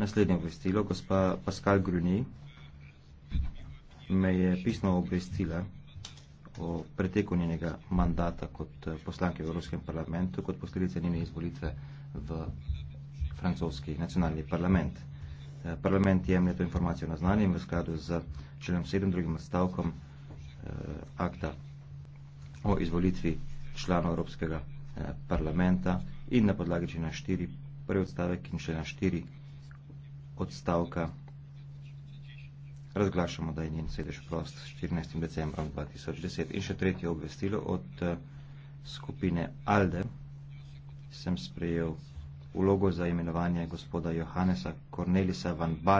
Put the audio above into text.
Naslednje obvestilo, gospa Pascal Gruni me je pisno obvestila o preteku njenega mandata kot eh, poslanke v Evropskem parlamentu, kot posledice njene izvolitve v francoski nacionalni parlament. Eh, parlament jemlje to informacijo na znanje in v skladu z členom 7 drugim stavkom eh, akta o izvolitvi članov Evropskega eh, parlamenta in na podlagi člena 4 prvi odstavek in člena 4 odstavka razglašamo, da je njen sedež prost 14. decembrom 2010. In še tretje obvestilo od eh, skupine ALDE sem sprejel vlogo za imenovanje gospoda Johannesa Cornelisa van Bal.